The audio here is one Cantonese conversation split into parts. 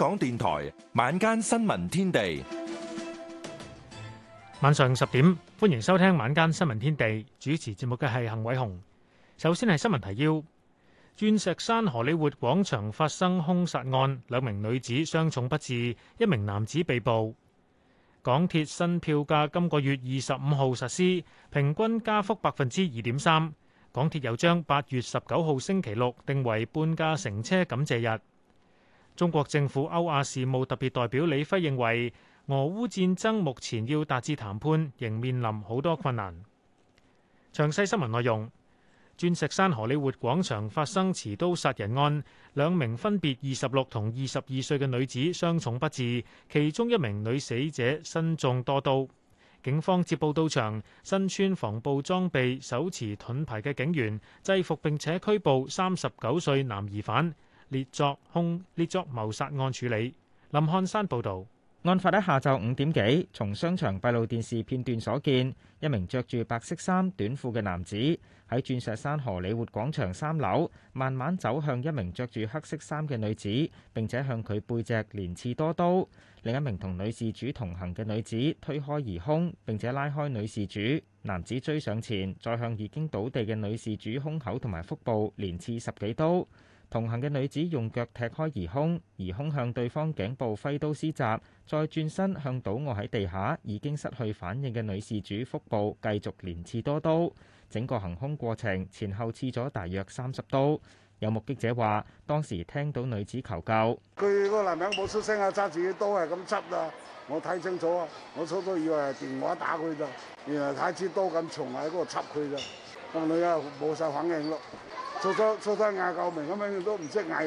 港電台晚間新聞天地，晚上十點歡迎收聽晚間新聞天地。主持節目嘅係幸偉雄。首先係新聞提要：鑽石山荷里活廣場發生凶殺案，兩名女子傷重不治，一名男子被捕。港鐵新票價今個月二十五號實施，平均加幅百分之二點三。港鐵又將八月十九號星期六定為半價乘車感謝日。中國政府歐亞事務特別代表李輝認為，俄烏戰爭目前要達至談判，仍面臨好多困難。詳細新聞內容：鑽石山荷里活廣場發生持刀殺人案，兩名分別二十六同二十二歲嘅女子傷重不治，其中一名女死者身中多刀。警方接報到場，身穿防暴裝備、手持盾牌嘅警員制服並且拘捕三十九歲男疑犯。列作凶，列作謀殺案處理。林漢山報道，案發喺下晝五點幾，從商場閉路電視片段所見，一名着住白色衫短褲嘅男子喺鑽石山荷里活廣場三樓慢慢走向一名着住黑色衫嘅女子，並且向佢背脊連刺多刀。另一名同女事主同行嘅女子推開而兇，並且拉開女事主。男子追上前，再向已經倒地嘅女事主胸口同埋腹部連刺十幾刀。同行嘅女子用腳踢開疑兇，疑兇向對方頸部揮刀施襲，再轉身向倒卧喺地下已經失去反應嘅女事主腹部繼續連刺多刀。整個行兇過程前後刺咗大約三十刀。有目擊者話，當時聽到女子求救，佢個男人冇出聲啊，揸住啲刀係咁執啊。我睇清楚啊，我初初以為係電話打佢咋，原來睇住刀咁重喺嗰度插佢咋，個女呀冇晒反應咯。做咗做咗嗌救命咁樣，都唔識嗌喎。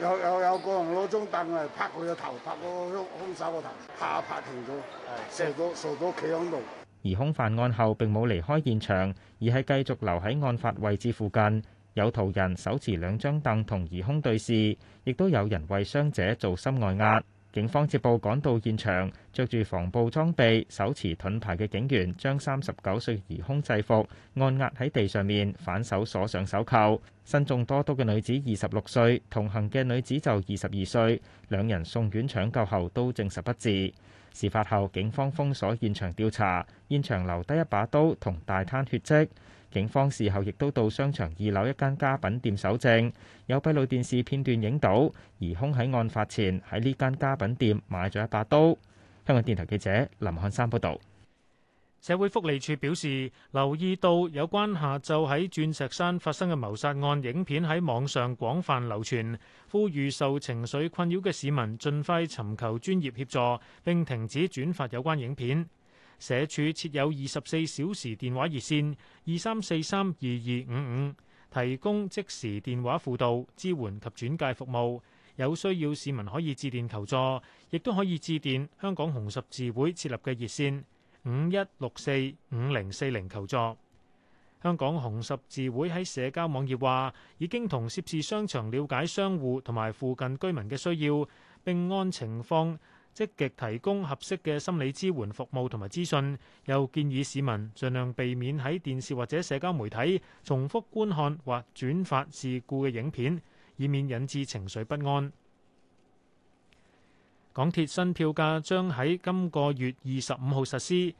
有有有個人攞張凳嚟拍佢個頭，拍個兇兇手個頭，下拍停咗，係射到坐到企喺度。疑兇犯案後並冇離開現場，而係繼續留喺案發位置附近。有途人手持兩張凳同疑兇對視，亦都有人為傷者做心外壓。警方接報趕到現場，着住防暴裝備、手持盾牌嘅警員將三十九歲疑兇制服，按壓喺地上面，反手鎖上手扣。身中多刀嘅女子二十六歲，同行嘅女子就二十二歲，兩人送院搶救後都證實不治。事發後，警方封鎖現場調查，現場留低一把刀同大攤血跡。警方事後亦都到商場二樓一間家，家品店搜證，有閉路電視片段影到疑兇喺案發前喺呢間家品店買咗一把刀。香港電台記者林漢山報道。社會福利署表示，留意到有關下晝喺鑽石山發生嘅謀殺案影片喺網上廣泛流傳，呼籲受情緒困擾嘅市民盡快尋求專業協助，並停止轉發有關影片。社署設有二十四小時電話熱線二三四三二二五五，提供即時電話輔導、支援及轉介服務。有需要市民可以致電求助，亦都可以致電香港紅十字會設立嘅熱線五一六四五零四零求助。香港紅十字會喺社交網頁話，已經同涉事商場了解商戶同埋附近居民嘅需要，並按情況積極提供合適嘅心理支援服務同埋資訊，又建議市民盡量避免喺電視或者社交媒體重複觀看或轉發事故嘅影片，以免引致情緒不安。港鐵新票價將喺今個月二十五號實施，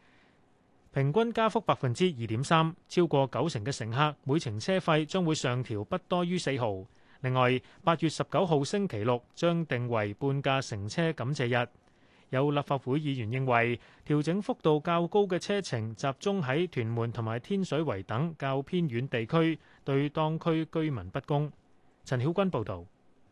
平均加幅百分之二點三，超過九成嘅乘客每程車費將會上調不多於四毫。另外，八月十九號星期六將定為半價乘車感謝日。有立法會議員認為，調整幅度較高嘅車程集中喺屯門同埋天水圍等較偏遠地區，對當區居民不公。陳曉君報導。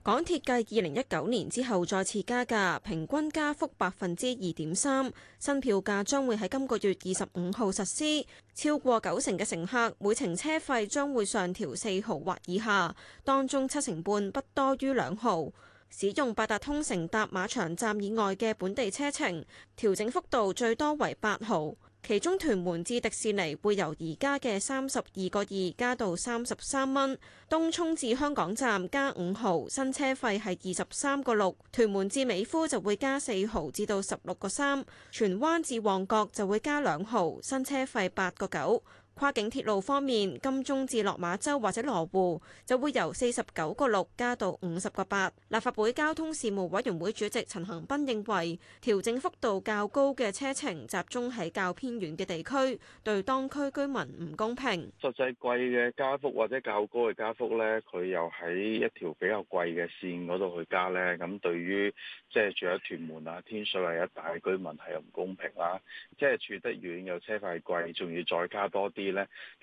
港鐵繼二零一九年之後再次加價，平均加幅百分之二點三，新票價將會喺今個月二十五號實施。超過九成嘅乘客每程車費將會上調四毫或以下，當中七成半不多於兩毫。使用八達通乘搭馬場站以外嘅本地車程，調整幅度最多為八毫，其中屯門至迪士尼會由而家嘅三十二個二加到三十三蚊，東涌至香港站加五毫，新車費係二十三個六，屯門至美孚就會加四毫至到十六個三，荃灣至旺角就會加兩毫，新車費八個九。跨境鐵路方面，金鐘至落馬洲或者羅湖就會由四十九個六加到五十個八。立法會交通事務委員會主席陳恒鑌認為，調整幅度較高嘅車程集中喺較偏遠嘅地區，對當區居民唔公平。實際貴嘅加幅或者較高嘅加幅咧，佢又喺一條比較貴嘅線嗰度去加咧，咁對於即係住喺屯門啊、天水圍一帶嘅居民係唔公平啦，即係住得遠又車費貴，仲要再加多啲。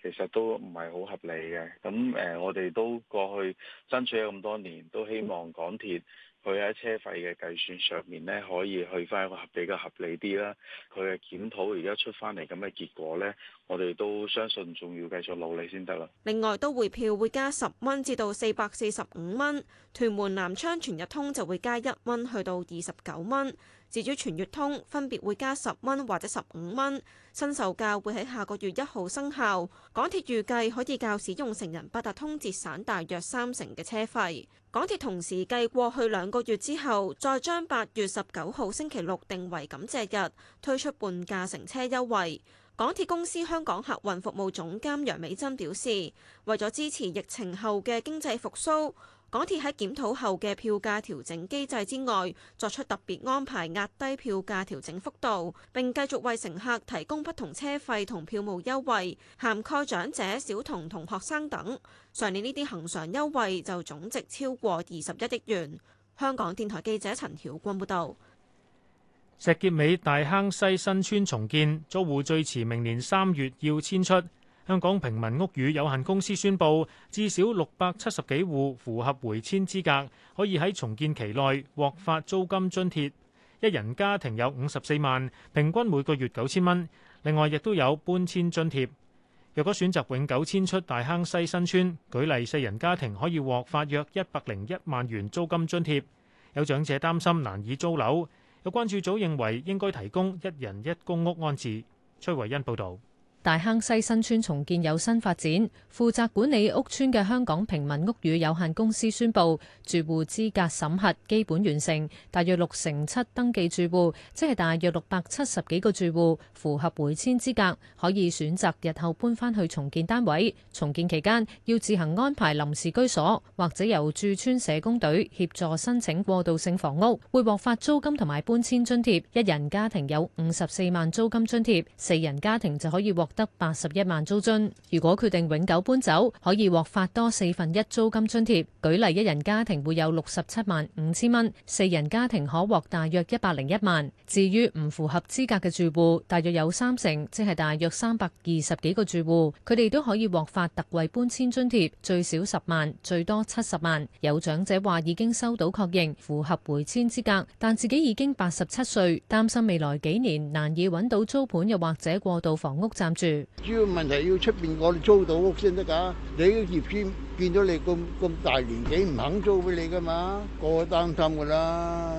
其實都唔係好合理嘅。咁誒，我哋都過去爭取咗咁多年，都希望港鐵佢喺車費嘅計算上面呢，可以去翻一個比較合理啲啦。佢嘅檢討而家出翻嚟咁嘅結果呢，我哋都相信仲要繼續努力先得啦。另外，都會票會加十蚊，至到四百四十五蚊；屯門南昌全日通就會加一蚊，去到二十九蚊。至於全月通分別會加十蚊或者十五蚊，新售價會喺下個月一號生效。港鐵預計可以較使用成人八達通節省大約三成嘅車費。港鐵同時計過去兩個月之後，再將八月十九號星期六定為感謝日，推出半價乘車優惠。港鐵公司香港客運服務總監楊美珍表示，為咗支持疫情後嘅經濟復甦。港鐵喺檢討後嘅票價調整機制之外，作出特別安排，壓低票價調整幅度，並繼續為乘客提供不同車費同票務優惠，涵蓋長者、小童同學生等。上年呢啲恒常優惠就總值超過二十一億元。香港電台記者陳曉君報道：石硤尾大坑西新村重建，租戶最遲明年三月要遷出。香港平民屋宇有限公司宣布，至少六百七十幾戶符合回遷資格，可以喺重建期內獲發租金津貼。一人家庭有五十四萬，平均每個月九千蚊。另外，亦都有搬遷津貼。若果選擇永久遷出大坑西新村，舉例四人家庭可以獲發約一百零一萬元租金津貼。有長者擔心難以租樓，有關注組認為應該提供一人一公屋安置。崔維恩報道。大坑西新村重建有新發展，負責管理屋邨嘅香港平民屋宇有限公司宣布，住戶資格審核基本完成，大約六成七登記住戶，即係大約六百七十幾個住戶符合回遷資格，可以選擇日後搬翻去重建單位。重建期間要自行安排臨時居所，或者由駐村社工隊協助申請過渡性房屋，會獲發租金同埋搬遷津貼，一人家庭有五十四萬租金津貼，四人家庭就可以獲。得八十一萬租金，如果決定永久搬走，可以獲發多四分一租金津貼。舉例，一人家庭會有六十七萬五千蚊，四人家庭可獲大約一百零一萬。至於唔符合資格嘅住戶，大約有三成，即係大約三百二十幾個住戶，佢哋都可以獲發特惠搬遷津貼，最少十萬，最多七十萬。有長者話已經收到確認符合回遷資格，但自己已經八十七歲，擔心未來幾年難以揾到租盤，又或者過渡房屋暫住。主要問題要出邊，我哋租到屋先得噶，你業主見到你咁咁大年紀唔肯租俾你噶嘛，個擔心噶啦，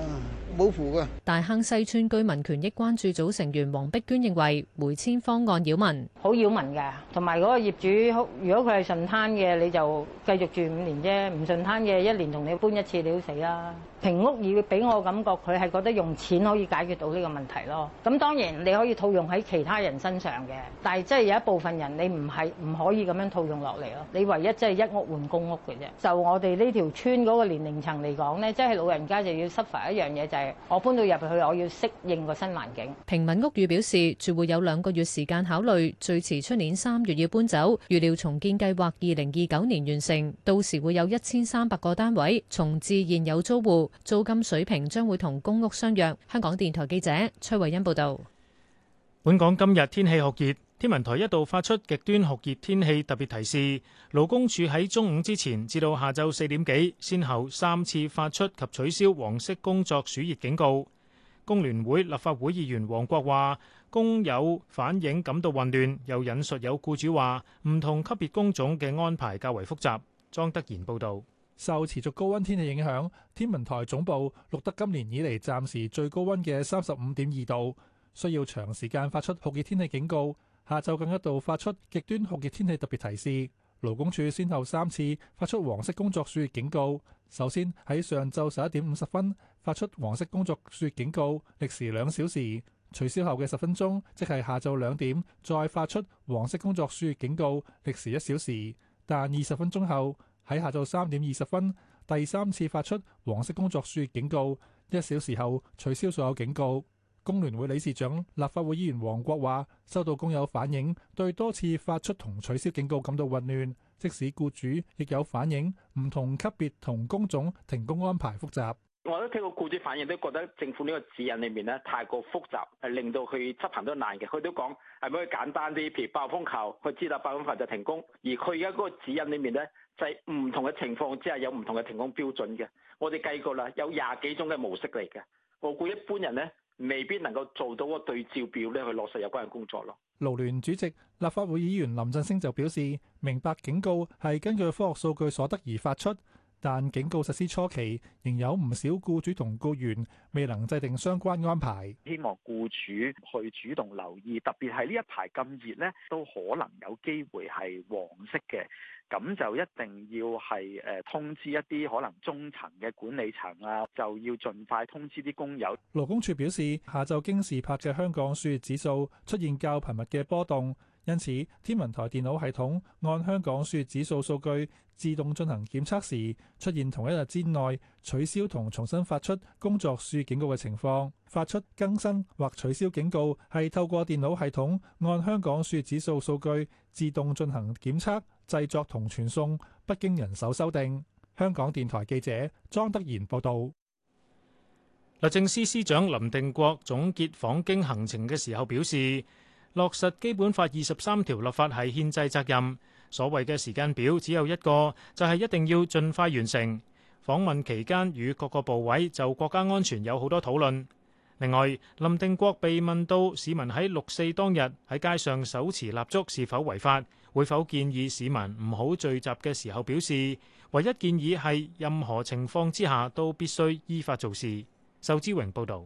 冇符噶大坑西村居民權益關注組成員黃碧娟認為，回遷方案擾民，好擾民噶，同埋嗰個業主，如果佢係順攤嘅，你就繼續住五年啫，唔順攤嘅，一年同你搬一次，你都死啦。平屋宇俾我感覺，佢係覺得用錢可以解決到呢個問題咯。咁當然你可以套用喺其他人身上嘅，但係即係有一部分人你唔係唔可以咁樣套用落嚟咯。你唯一即係一屋換公屋嘅啫。就我哋呢條村嗰個年齡層嚟講呢，即係老人家就要失乏一樣嘢，就係我搬到入去，我要適應個新環境。平民屋宇表示，住戶有兩個月時間考慮，最遲出年三月要搬走，預料重建計劃二零二九年完成，到時會有一千三百個單位重置現有租戶。租金水平將會同公屋相若。香港電台記者崔慧欣報道，本港今日天氣酷熱，天文台一度發出極端酷熱天氣特別提示。勞工處喺中午之前至到下晝四點幾，先後三次發出及取消黃色工作暑熱警告。工聯會立法會議員黃國話：工友反映感到混亂，又引述有雇主話，唔同級別工種嘅安排較為複雜。莊德賢報道。受持續高溫天氣影響，天文台總部錄得今年以嚟暫時最高溫嘅三十五點二度，需要長時間發出酷熱天氣警告。下晝更一度發出極端酷熱天氣特別提示。勞工處先後三次發出黃色工作暑熱警告，首先喺上晝十一點五十分發出黃色工作暑熱警告，歷時兩小時；取消後嘅十分鐘，即係下晝兩點再發出黃色工作暑熱警告，歷時一小時，但二十分鐘後，喺下晝三點二十分，第三次發出黃色工作暑警告，一小時後取消所有警告。工聯會理事長、立法會議員黃國話收到工友反映，對多次發出同取消警告感到混亂，即使僱主亦有反應，唔同級別同工種停工安排複雜。我都聽過僱主反應，都覺得政府呢個指引裏面咧，太過複雜，係令到佢執行都難嘅。佢都講係咪可以簡單啲？譬如爆風球，佢知道爆風球就停工，而佢而家嗰個指引裏面咧，就係唔同嘅情況之下有唔同嘅停工標準嘅。我哋計過啦，有廿幾種嘅模式嚟嘅。我估一般人咧，未必能夠做到個對照表咧去落實有關嘅工作咯。勞聯主席立法會議員林振昇就表示，明白警告係根據科學數據所得而發出。但警告實施初期，仍有唔少僱主同僱員未能制定相關安排。希望僱主去主動留意，特別係呢一排咁熱呢都可能有機會係黃色嘅，咁就一定要係誒通知一啲可能中層嘅管理層啊，就要盡快通知啲工友。勞工處表示，下晝經時拍嘅香港暑熱指數出現較頻密嘅波動。因此，天文台電腦系統按香港暑熱指數數據自動進行檢測時，出現同一日之內取消同重新發出工作暑熱警告嘅情況。發出更新或取消警告係透過電腦系統按香港暑熱指數數據自動進行檢測製作同傳送，不經人手修訂。香港電台記者莊德賢報道。律政司司長林定國總結訪京行程嘅時候表示。落實基本法二十三條立法係憲制責任，所謂嘅時間表只有一個，就係、是、一定要盡快完成。訪問期間與各個部委就國家安全有好多討論。另外，林定國被問到市民喺六四當日喺街上手持蠟燭是否違法，會否建議市民唔好聚集嘅時候，表示唯一建議係任何情況之下都必須依法做事。仇志榮報導。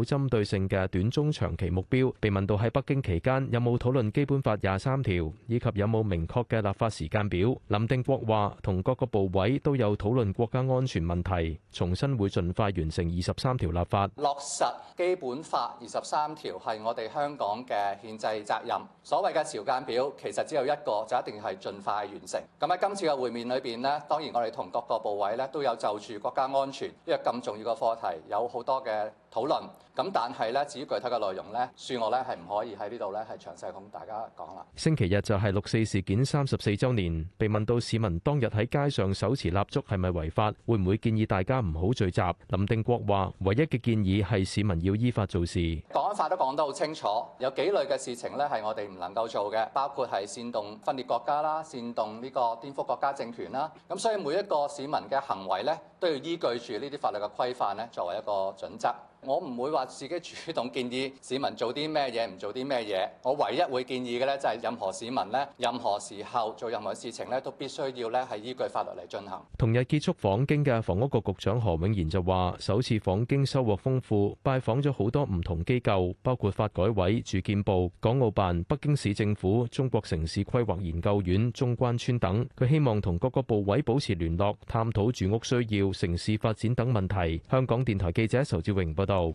有針對性嘅短、中、長期目標。被問到喺北京期間有冇討論基本法廿三條，以及有冇明確嘅立法時間表，林定國話：同各個部委都有討論國家安全問題，重新會盡快完成二十三條立法。落實基本法二十三條係我哋香港嘅憲制責任。所謂嘅時間表其實只有一個，就一定係盡快完成。咁喺今次嘅會面裏邊呢，當然我哋同各個部委呢都有就住國家安全呢個咁重要嘅課題有好多嘅討論。咁但係咧，至於具體嘅內容咧，恕我咧係唔可以喺呢度咧係詳細咁大家講啦。星期日就係六四事件三十四週年，被問到市民當日喺街上手持蠟燭係咪違法，會唔會建議大家唔好聚集？林定國話：唯一嘅建議係市民要依法做事。講法都講得好清楚，有幾類嘅事情咧係我哋唔能夠做嘅，包括係煽動分裂國家啦、煽動呢個顛覆國家政權啦。咁所以每一個市民嘅行為咧都要依據住呢啲法律嘅規範咧作為一個準則。我唔會話，自己主動建議市民做啲咩嘢，唔做啲咩嘢。我唯一會建議嘅咧，就係任何市民咧，任何時候做任何事情咧，都必須要咧係依據法律嚟進行。同日結束訪京嘅房屋局局長何永賢就話，首次訪京收穫豐富，拜訪咗好多唔同機構，包括發改委、住建部、港澳辦、北京市政府、中國城市規劃研究院、中關村等。佢希望同各個部委保持聯絡，探討住屋需要、城市發展等問題。香港電台記者仇志榮報道。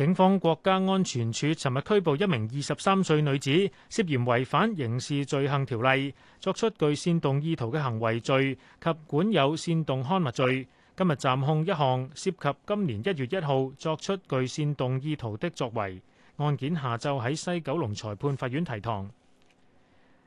警方國家安全處尋日拘捕一名二十三歲女子，涉嫌違反刑事罪行條例，作出具煽動意圖嘅行為罪及管有煽動刊物罪。今日暫控一項涉及今年一月一號作出具煽動意圖的作為。案件下晝喺西九龍裁判法院提堂。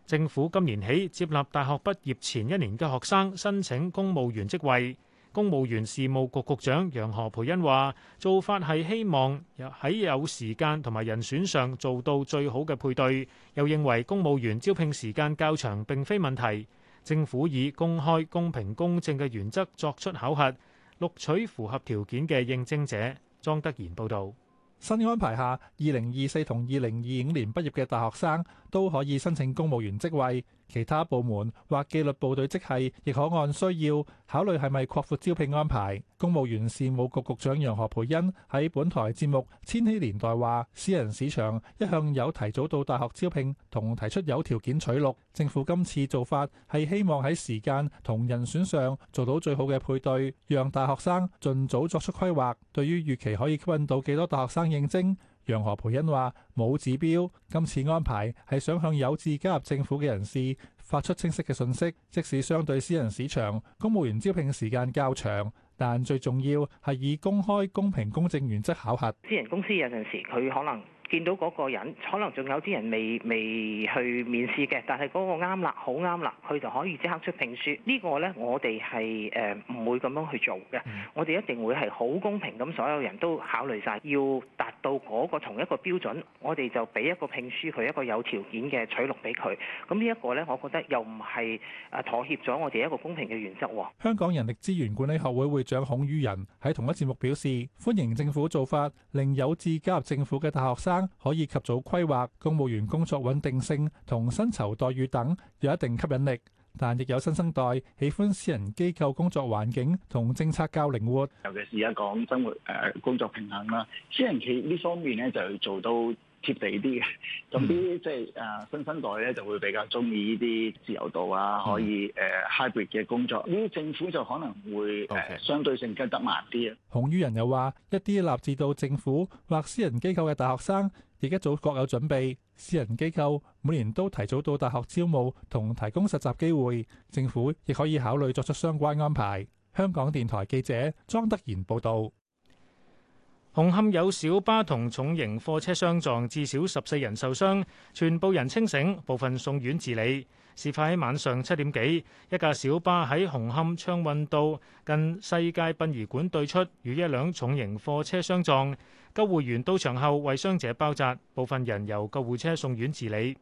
政府今年起接納大學畢業前一年嘅學生申請公務員職位。公務員事務局局長楊何蓓茵話，做法係希望喺有時間同埋人選上做到最好嘅配對。又認為公務員招聘時間較長並非問題。政府以公開、公平、公正嘅原則作出考核，錄取符合條件嘅應徵者。莊德賢報導。新安排下，二零二四同二零二五年畢業嘅大學生都可以申請公務員職位。其他部門或紀律部隊職系亦可按需要考慮係咪擴闊招聘安排。公務員事務局局長楊何蓓茵喺本台節目《千禧年代》話：私人市場一向有提早到大學招聘同提出有條件取錄，政府今次做法係希望喺時間同人選上做到最好嘅配對，讓大學生盡早作出規劃。對於預期可以吸引到幾多大學生應徵？楊何培恩話：冇指標，今次安排係想向有志加入政府嘅人士發出清晰嘅信息，即使相對私人市場，公務員招聘時間較長，但最重要係以公開、公平、公正原則考核。私人公司有陣時佢可能。見到嗰個人，可能仲有啲人未未去面試嘅，但係嗰個啱啦，好啱啦，佢就可以即刻出聘書。呢個呢，我哋係誒唔會咁樣去做嘅，我哋一定會係好公平咁，所有人都考慮晒，要達到嗰個同一個標準，我哋就俾一個聘書佢一個有條件嘅取錄俾佢。咁呢一個呢，我覺得又唔係妥協咗我哋一個公平嘅原則。香港人力資源管理學會會長孔於仁喺同一節目表示，歡迎政府做法，令有志加入政府嘅大學生。可以及早規劃公務員工作穩定性同薪酬待遇等有一定吸引力，但亦有新生代喜歡私人機構工作環境同政策較靈活，尤其是而家講生活誒、呃、工作平衡啦。私人企業呢方面咧就要做到。貼地啲嘅，咁啲即係誒新生代咧就會比較中意呢啲自由度啊，可以誒 hybrid 嘅工作。呢啲政府就可能會誒相對性跟得慢啲啊。洪於仁又話：一啲立志到政府或私人機構嘅大學生，亦一早各有準備。私人機構每年都提早到大學招募同提供實習機會，政府亦可以考慮作出相關安排。香港電台記者莊德賢報道。紅磡有小巴同重型貨車相撞，至少十四人受傷，全部人清醒，部分送院治理。事發喺晚上七點幾，一架小巴喺紅磡暢運道近世界殯儀館對出，與一輛重型貨車相撞。救護員到場後為傷者包紮，部分人由救護車送院治理。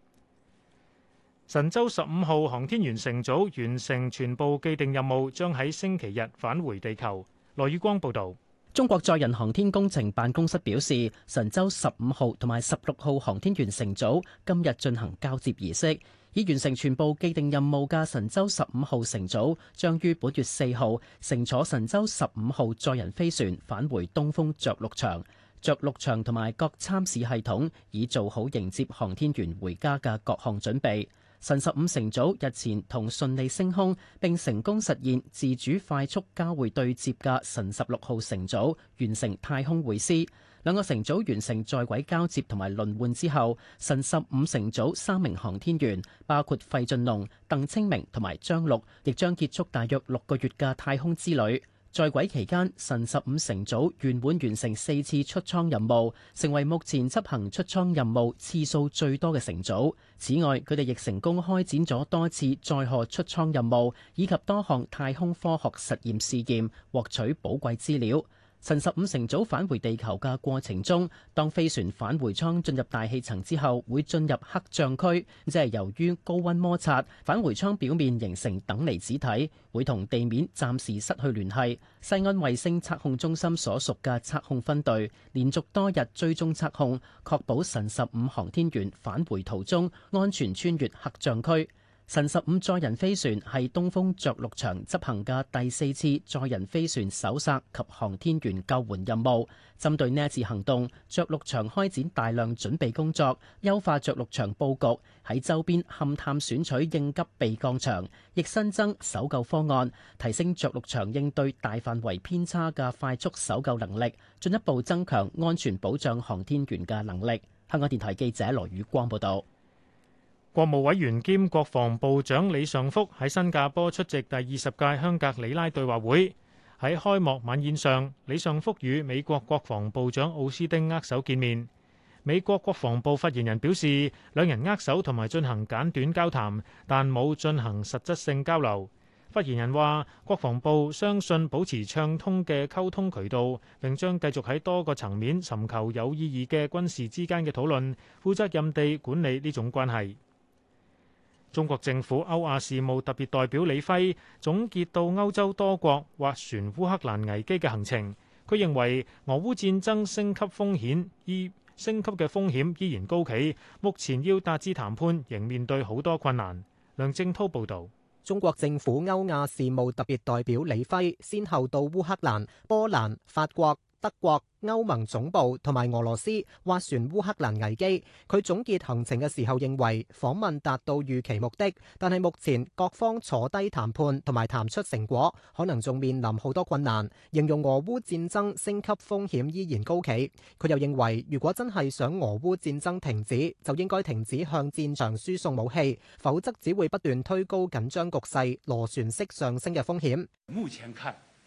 神舟十五號航天員乘組完成全部既定任務，將喺星期日返回地球。羅宇光報導。中國載人航天工程辦公室表示，神舟十五號同埋十六號航天員乘組今日進行交接儀式，已完成全部既定任務嘅神舟十五號乘組，將於本月四號乘坐神舟十五號載人飛船返回東風着陸場，着陸場同埋各參試系統已做好迎接航天員回家嘅各項準備。神十五乘組日前同順利升空，並成功實現自主快速交會對接嘅神十六號乘組完成太空會師。兩個乘組完成在軌交接同埋輪換之後，神十五乘組三名航天員，包括費俊龍、鄧清明同埋張陸，亦將結束大約六個月嘅太空之旅。在軌期間，神十五乘組圓滿完成四次出艙任務，成為目前執行出艙任務次數最多嘅乘組。此外，佢哋亦成功開展咗多次載荷出艙任務，以及多項太空科學實驗試驗，獲取寶貴資料。神十五乘組返回地球嘅過程中，當飛船返回艙進入大氣層之後，會進入黑障區，即係由於高溫摩擦，返回艙表面形成等離子體，會同地面暫時失去聯繫。西安衛星測控中心所屬嘅測控分隊連續多日追蹤測控，確保神十五航天員返回途中安全穿越黑障區。神十五載人飛船係東風著陸場執行嘅第四次載人飛船搜救及航天員救援任務。針對呢一次行動，著陸場開展大量準備工作，優化著陸場佈局，喺周邊勘探選取應急備降場，亦新增搜救方案，提升著陸場應對大範圍偏差嘅快速搜救能力，進一步增強安全保障航天員嘅能力。香港電台記者羅宇光報道。國務委員兼國防部長李尚福喺新加坡出席第二十屆香格里拉對話會。喺開幕晚宴上，李尚福與美國國防部長奧斯丁握手見面。美國國防部發言人表示，兩人握手同埋進行簡短交談，但冇進行實質性交流。發言人話，國防部相信保持暢通嘅溝通渠道，並將繼續喺多個層面尋求有意義嘅軍事之間嘅討論，負責任地管理呢種關係。中國政府歐亞事務特別代表李輝總結到歐洲多國斡旋烏克蘭危機嘅行程。佢認為俄烏戰爭升級風險依升級嘅風險依然高企，目前要達至談判仍面對好多困難。梁正濤報道。中國政府歐亞事務特別代表李輝先後到烏克蘭、波蘭、法國。德國、歐盟總部同埋俄羅斯斡旋烏克蘭危機，佢總結行程嘅時候認為訪問達到預期目的，但係目前各方坐低談判同埋談出成果，可能仲面臨好多困難。形容俄烏戰爭升級風險依然高企，佢又認為如果真係想俄烏戰爭停止，就應該停止向戰場輸送武器，否則只會不斷推高緊張局勢、螺旋式上升嘅風險。目前看。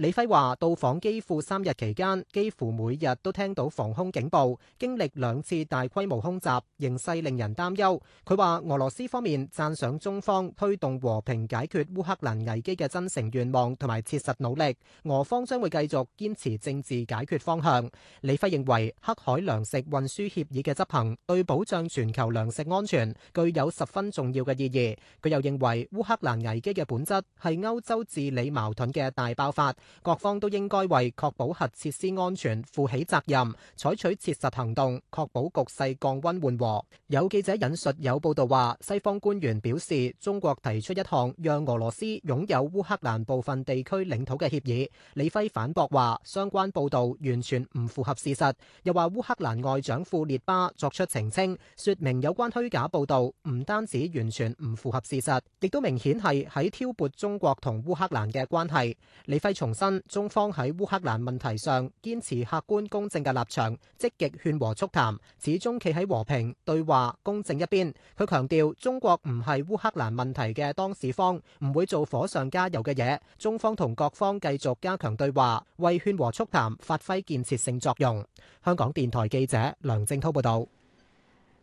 李輝話：到訪基輔三日期間，幾乎每日都聽到防空警報，經歷兩次大規模空襲，形勢令人擔憂。佢話俄羅斯方面讚賞中方推動和平解決烏克蘭危機嘅真誠願望同埋切實努力，俄方將會繼續堅持政治解決方向。李輝認為黑海糧食運輸協議嘅執行對保障全球糧食安全具有十分重要嘅意義。佢又認為烏克蘭危機嘅本質係歐洲治理矛盾嘅大爆發。各方都應該為確保核設施安全負起責任，採取切實行動，確保局勢降温緩和。有記者引述有報道話，西方官員表示中國提出一項讓俄羅斯擁有烏克蘭部分地區領土嘅協議。李輝反駁話，相關報道完全唔符合事實，又話烏克蘭外長庫列巴作出澄清，說明有關虛假報道唔單止完全唔符合事實，亦都明顯係喺挑撥中國同烏克蘭嘅關係。李輝從。新中方喺烏克蘭問題上堅持客觀公正嘅立場，積極勸和促談，始終企喺和平對話公正一邊。佢強調，中國唔係烏克蘭問題嘅當事方，唔會做火上加油嘅嘢。中方同各方繼續加強對話，為勸和促談發揮建設性作用。香港電台記者梁正濤報道。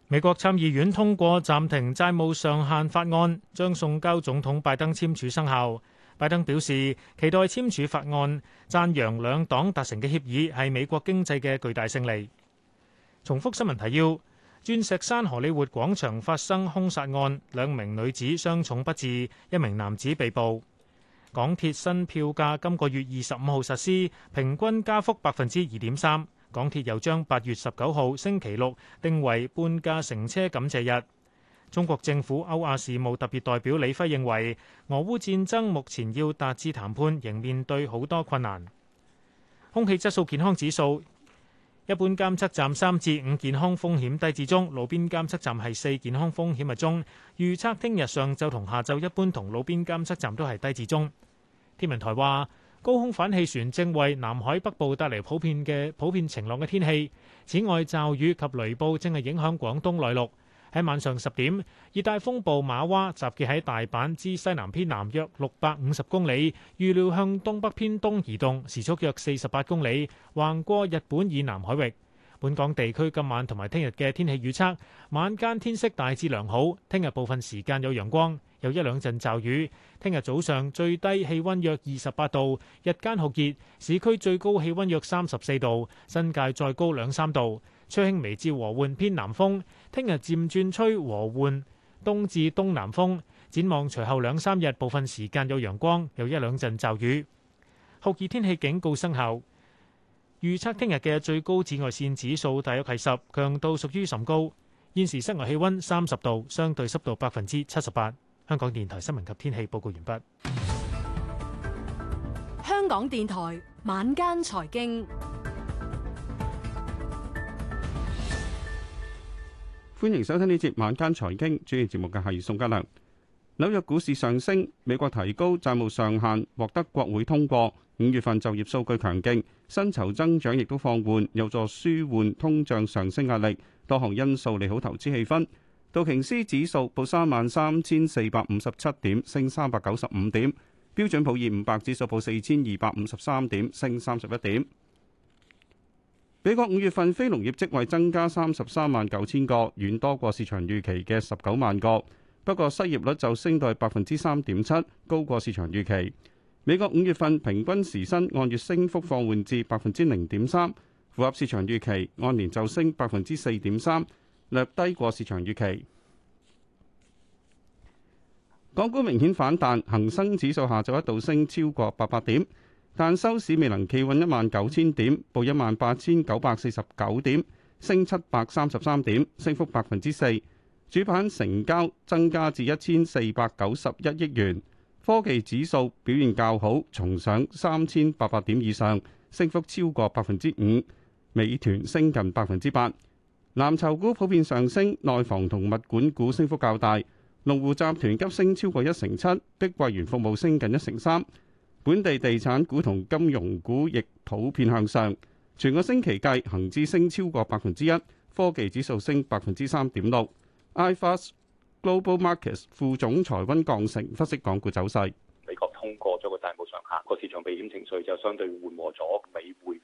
美國參議院通過暫停債務上限法案，將送交總統拜登簽署生效。拜登表示期待簽署法案，讚揚兩黨達成嘅協議係美國經濟嘅巨大勝利。重複新聞提要：鑽石山荷里活廣場發生凶殺案，兩名女子傷重不治，一名男子被捕。港鐵新票價今個月二十五號實施，平均加幅百分之二點三。港鐵又將八月十九號星期六定為半價乘車感謝日。中國政府歐亞事務特別代表李輝認為，俄烏戰爭目前要達至談判，仍面對好多困難。空氣質素健康指數，一般監測站三至五健康風險低至中，路邊監測站係四健康風險物中。預測聽日上晝同下晝一般同路邊監測站都係低至中。天文台話，高空反氣旋正為南海北部帶嚟普遍嘅普,普遍晴朗嘅天氣，此外驟雨及雷暴正係影響廣東內陸。喺晚上十點，熱帶風暴馬娃集結喺大阪之西南偏南約六百五十公里，預料向東北偏東移動，時速約四十八公里，橫過日本以南海域。本港地區今晚同埋聽日嘅天氣預測，晚間天色大致良好，聽日部分時間有陽光，有一兩陣驟雨。聽日早上最低氣温約二十八度，日間酷熱，市區最高氣温約三十四度，新界再高兩三度。吹輕微至和緩偏南風，聽日漸轉吹和緩東至東南風。展望隨後兩三日，部分時間有陽光，有一兩陣驟雨。酷熱天氣警告生效，預測聽日嘅最高紫外線指數大約係十，強度屬於甚高。現時室外氣温三十度，相對濕度百分之七十八。香港電台新聞及天氣報告完畢。香港電台晚間財經。歡迎收聽呢節晚間財經，主持節目嘅係宋嘉良。紐約股市上升，美國提高債務上限獲得國會通過，五月份就業數據強勁，薪酬增長亦都放緩，有助舒緩通脹上升壓力。多項因素利好投資氣氛。道瓊斯指數報三萬三千四百五十七點，升三百九十五點，標準普爾五百指數報四千二百五十三點，升三十一點。美國五月份非農業職位增加三十三萬九千個，遠多過市場預期嘅十九萬個。不過失業率就升到百分之三點七，高過市場預期。美國五月份平均時薪按月升幅放緩至百分之零點三，符合市場預期。按年就升百分之四點三，略低過市場預期。港股明顯反彈，恒生指數下晝一度升超過八百點。但收市未能企穩一萬九千點，報一萬八千九百四十九點，升七百三十三點，升幅百分之四。主板成交增加至一千四百九十一億元。科技指數表現較好，重上三千八百點以上，升幅超過百分之五。美團升近百分之八。藍籌股普遍上升，內房同物管股升幅較大。龍湖集團急升超過一成七，碧桂園服務升近一成三。本地地產股同金融股亦普遍向上，全個星期計恒指升超過百分之一，科技指數升百分之三點六。iFast Global Markets 副總裁温鋼成分析港股走勢，美國通過咗個債務上限，個市場避險情緒就相對緩和咗，美匯。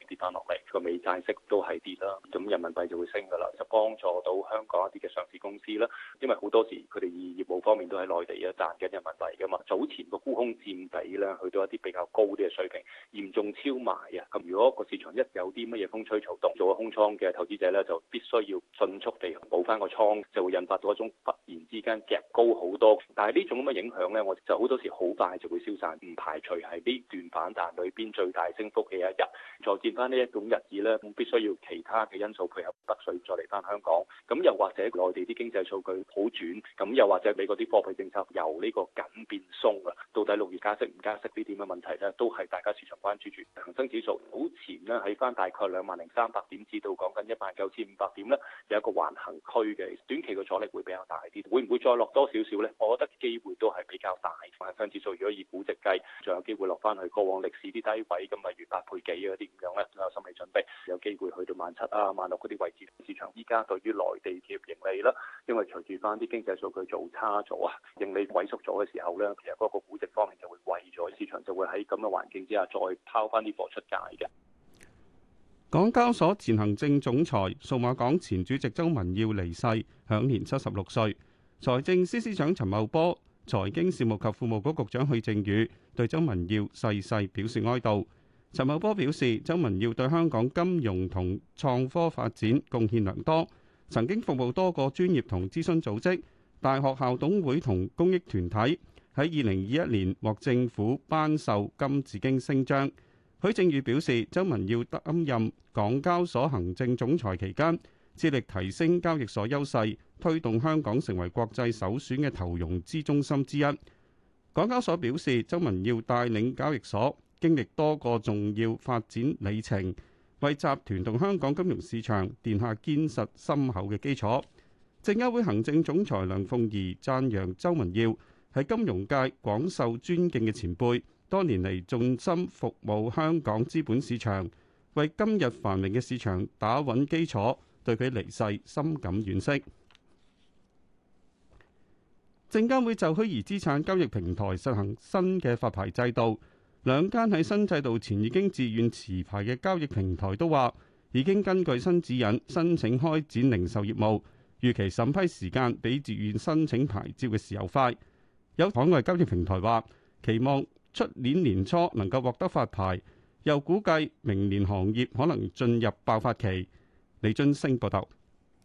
美債息都係跌啦，咁人民幣就會升噶啦，就幫助到香港一啲嘅上市公司啦。因為好多時佢哋以業務方面都喺內地啊賺緊人民幣噶嘛。早前個沽空佔比咧去到一啲比較高啲嘅水平，嚴重超賣啊！咁如果個市場一有啲乜嘢風吹草動，做咗空倉嘅投資者咧就必須要迅速地補翻個倉，就會引發到一種突然之間夾高好多。但係呢種咁嘅影響咧，我就好多時好快就會消散，唔排除係呢段反彈裏邊最大升幅嘅一日。再接翻呢一種日子咧，必須要其他嘅因素配合，北水再嚟翻香港。咁又或者內地啲經濟數據好轉，咁又或者美國啲貨幣政策由呢個緊變鬆啊。到底六月加息唔加息呢點嘅問題咧，都係大家市場關注住。恒生指數早前咧喺翻大概兩萬零三百點至到講緊一萬九千五百點咧，有一個橫行區嘅，短期嘅阻力會比較大啲。會唔會再落多少少咧？我覺得機會都係比較大。恒生指數如果以估值計，仲有機會落翻去過往歷史啲低位咁啊，如八倍幾嗰啲咁樣咧，都有心理準備。有機會去到萬七啊、萬六嗰啲位置。市場依家對於內地表現。因為隨住翻啲經濟數據做差咗啊，盈利萎縮咗嘅時候呢，其實嗰個估值方面就會貴咗，市場就會喺咁嘅環境之下再拋翻啲貨出街嘅。港交所前行政總裁、數碼港前主席周文耀離世，享年七十六歲。財政司司長陳茂波、財經事務及庫務局局長許正宇對周文耀逝世，世表示哀悼。陳茂波表示，周文耀對香港金融同創科發展貢獻良多。曾經服務多個專業同諮詢組織、大學校董會同公益團體，喺二零二一年獲政府頒授金紫荊星章。許正宇表示，周文耀擔任港交所行政總裁期間，致力提升交易所優勢，推動香港成為國際首選嘅投融資中心之一。港交所表示，周文耀帶領交易所經歷多個重要發展里程。為集團同香港金融市場奠下堅實深厚嘅基礎。證監會行政總裁梁鳳儀讚揚周文耀係金融界廣受尊敬嘅前輩，多年嚟重心服務香港資本市場，為今日繁榮嘅市場打穩基礎，對佢離世深感惋惜。證監會就虛擬資產交易平台實行新嘅發牌制度。兩間喺新制度前已經自願持牌嘅交易平台都話，已經根據新指引申請開展零售業務，預期審批時間比自願申請牌照嘅時候快。有海外交易平台話，期望出年年初能夠獲得發牌，又估計明年行業可能進入爆發期。李津升報道。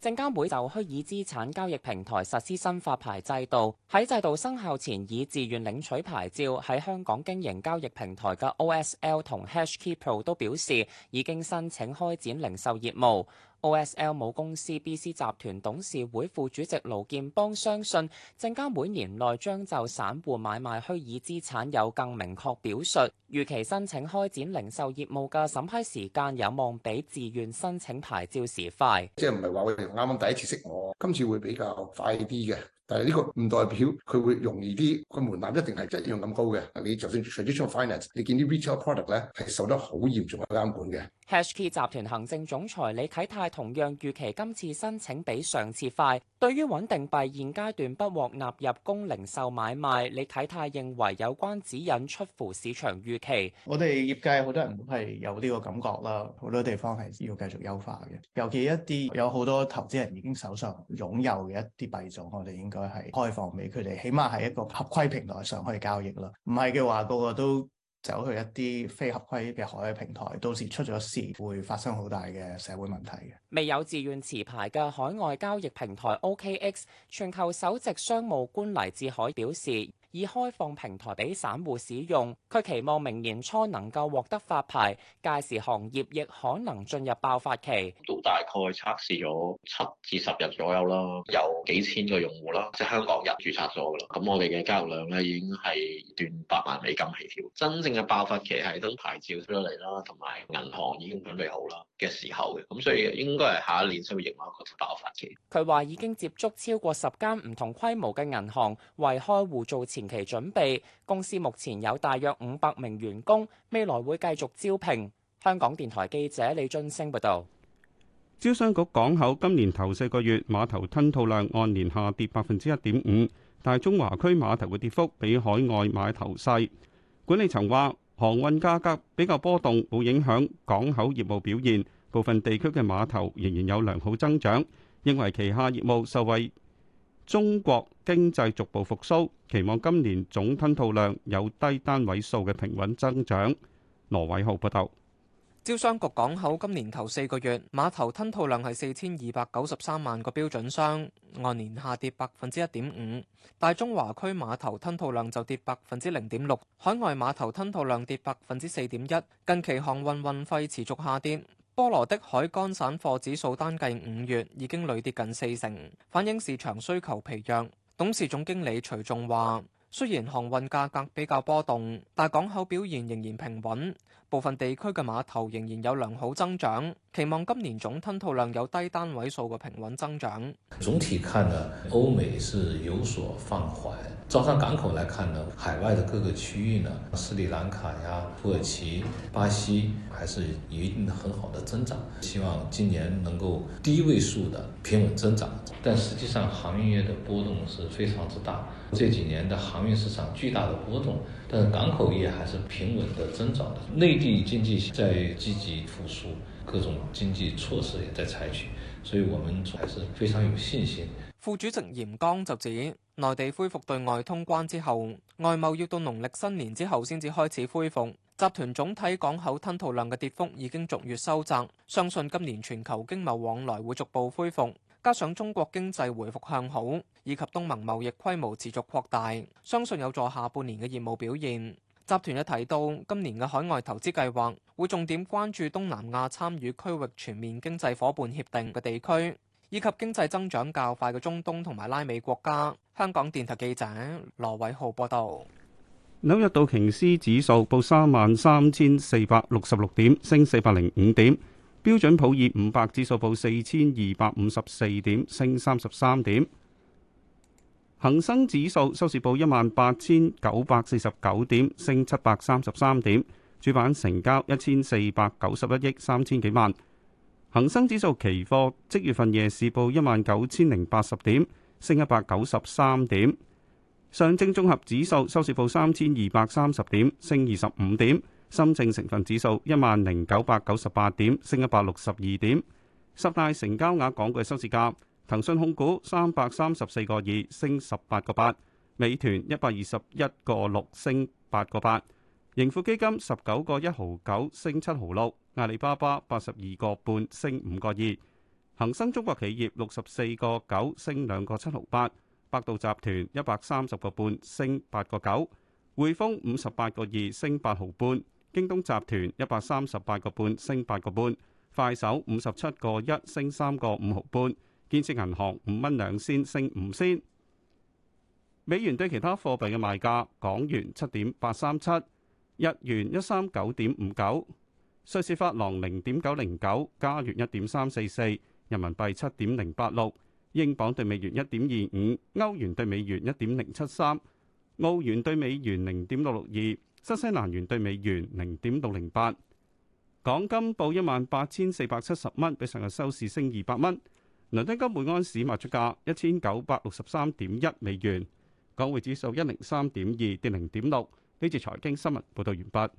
證監會，就虛擬資產交易平台實施新發牌制度，喺制度生效前已自願領取牌照喺香港經營交易平台嘅 OSL 同 HashKey Pro 都表示已經申請開展零售業務。O.S.L 母公司 B.C 集團董事會副主席盧建邦相信，證監會年內將就散戶買賣虛擬資產有更明確表述。預期申請開展零售業務嘅審批時間有望比自願申請牌照時快。即係唔係話會啱啱第一次識我，今次會比較快啲嘅。但係呢個唔代表佢會容易啲，個門檻一定係一樣咁高嘅。你就算 traditional finance，你見啲 retail product 咧係受得好嚴重嘅監管嘅。Hashkey 集團行政總裁李啟泰同樣預期今次申請比上次快。對於穩定幣現階段不獲納，納入供零售買賣，李啟泰認為有關指引出乎市場預期。我哋業界好多人都係有呢個感覺啦，好多地方係要繼續優化嘅，尤其一啲有好多投資人已經手上擁有嘅一啲幣種，我哋應該。佢係開放俾佢哋，起碼係一個合規平台上去交易咯。唔係嘅話，個個都走去一啲非合規嘅海外平台，到時出咗事會發生好大嘅社會問題嘅。未有自願持牌嘅海外交易平台 OKX 全球首席商務官黎志海表示。以開放平台俾散戶使用，佢期望明年初能夠獲得發牌，屆時行業亦可能進入爆發期。都大概測試咗七至十日左右啦，有幾千個用戶啦，即係香港人註冊咗噶啦。咁我哋嘅交易量咧已經係段百萬美金起跳，真正嘅爆發期係等牌照出咗嚟啦，同埋銀行已經準備好啦嘅時候嘅。咁所以應該係下一年就會迎嚟一個爆發期。佢話已經接觸超過十間唔同規模嘅銀行為開戶做。前期準備，公司目前有大約五百名員工，未來會繼續招聘。香港電台記者李俊升報導。招商局港口今年頭四個月碼頭吞吐量按年下跌百分之一點五，但中華區碼頭嘅跌幅比海外碼頭細。管理層話航運價格比較波動，冇影響港口業務表現。部分地區嘅碼頭仍然有良好增長，認為旗下業務受惠，中國經濟逐步復甦，期望今年總吞吐量有低單位數嘅平穩增長。羅偉浩報道，招商局港口今年頭四個月碼頭吞吐量係四千二百九十三萬個標準箱，按年下跌百分之一點五。大中華區碼頭吞吐量就跌百分之零點六，海外碼頭吞吐量跌百分之四點一。近期航運運費持續下跌。波羅的海乾散貨指數單計五月已經累跌近四成，反映市場需求疲弱。董事總經理徐仲話，雖然航運價格比較波動，但港口表現仍然平穩。部分地區嘅碼頭仍然有良好增長，期望今年總吞吐量有低單位數嘅平穩增長。總體看呢，歐美是有所放緩。招商港口來看呢，海外的各個區域呢，斯里蘭卡呀、啊、土耳其、巴西，還是有一定很好的增長。希望今年能夠低位數的平穩增長，但實際上行業的波動是非常之大。這幾年的航運市場巨大的波動，但港口業還是平穩的增長的。內地經濟在積極復甦，各種經濟措施也在採取，所以我們還是非常有信心。副主席嚴剛就指，內地恢復對外通關之後，外貿要到農曆新年之後先至開始恢復。集團總體港口吞吐量嘅跌幅已經逐月收窄，相信今年全球經貿往來會逐步恢復。加上中國經濟回復向好，以及東盟貿易規模持續擴大，相信有助下半年嘅業務表現。集團亦提到，今年嘅海外投資計劃會重點關注東南亞、參與區域全面經濟伙伴協定嘅地區，以及經濟增長較快嘅中東同埋拉美國家。香港電台記者羅偉浩報道。紐約道瓊斯指數報三萬三千四百六十六點，升四百零五點。標準普爾五百指數報四千二百五十四點，升三十三點。恒生指數收市報一萬八千九百四十九點，升七百三十三點。主板成交一千四百九十一億三千幾萬。恒生指數期貨即月份夜市報一萬九千零八十點，升一百九十三點。上證綜合指數收市報三千二百三十點，升二十五點。深證成分指數一萬零九百九十八點，升一百六十二點。十大成交額港股嘅收市價：騰訊控股三百三十四個二，升十八個八；美團一百二十一個六，升八個八；盈富基金十九個一毫九，升七毫六；阿里巴巴八十二個半，升五個二；恒生中國企業六十四個九，升兩個七毫八；百度集團一百三十個半，升八個九；匯豐五十八個二，升八毫半。京東集團一百三十八個半升八個半，快手五十七個一升三個五毫半，建設銀行五蚊兩仙升五仙。美元對其他貨幣嘅賣價：港元七點八三七，日元一三九點五九，瑞士法郎零點九零九，加元一點三四四，人民幣七點零八六，英鎊兌美元一點二五，歐元兌美元一點零七三，澳元兌美元零點六六二。新西蘭元兌美元零點六零八，港金報一萬八千四百七十蚊，比上日收市升二百蚊。倫敦金每安士賣出價一千九百六十三點一美元，港匯指數一零三點二，跌零點六。呢次財經新聞報道完畢。